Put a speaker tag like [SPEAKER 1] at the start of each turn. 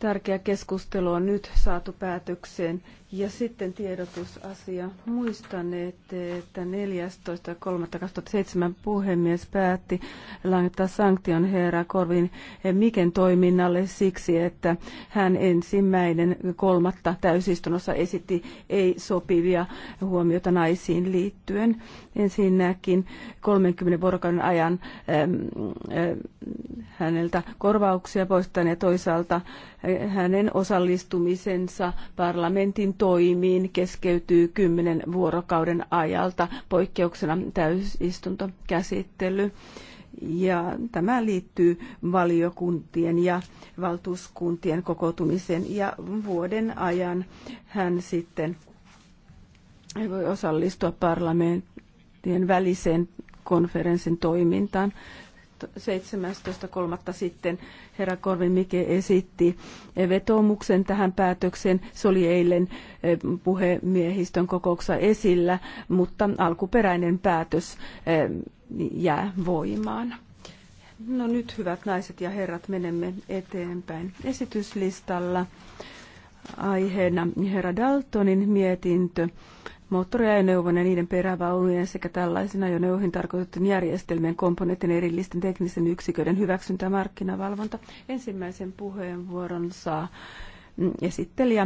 [SPEAKER 1] Tärkeä keskustelu on nyt saatu päätökseen. Ja sitten tiedotusasia. Muistan, että 14.3.2007 puhemies päätti langettaa sanktion herra Korvin Miken toiminnalle siksi, että hän ensimmäinen kolmatta täysistunnossa esitti ei-sopivia huomiota naisiin liittyen. Ensinnäkin 30 vuorokauden ajan häneltä korvauksia poistaneen ja toisaalta hänen osallistumisensa parlamentin toimiin keskeytyy kymmenen vuorokauden ajalta poikkeuksena täysistuntokäsittely. Ja tämä liittyy valiokuntien ja valtuuskuntien kokoutumiseen ja vuoden ajan hän sitten voi osallistua parlamenttien väliseen konferenssin toimintaan. 17.3. sitten herra Korvin Mike esitti vetoomuksen tähän päätökseen. Se oli eilen eh, puhemiehistön kokouksessa esillä, mutta alkuperäinen päätös eh, jää voimaan. No nyt, hyvät naiset ja herrat, menemme eteenpäin esityslistalla. Aiheena herra Daltonin mietintö moottoriajoneuvon ja niiden perävaunujen sekä tällaisina ajoneuvoihin tarkoitettujen järjestelmien komponenttien erillisten teknisten yksiköiden hyväksyntä ja markkinavalvonta. Ensimmäisen puheenvuoron saa mm, esittelijä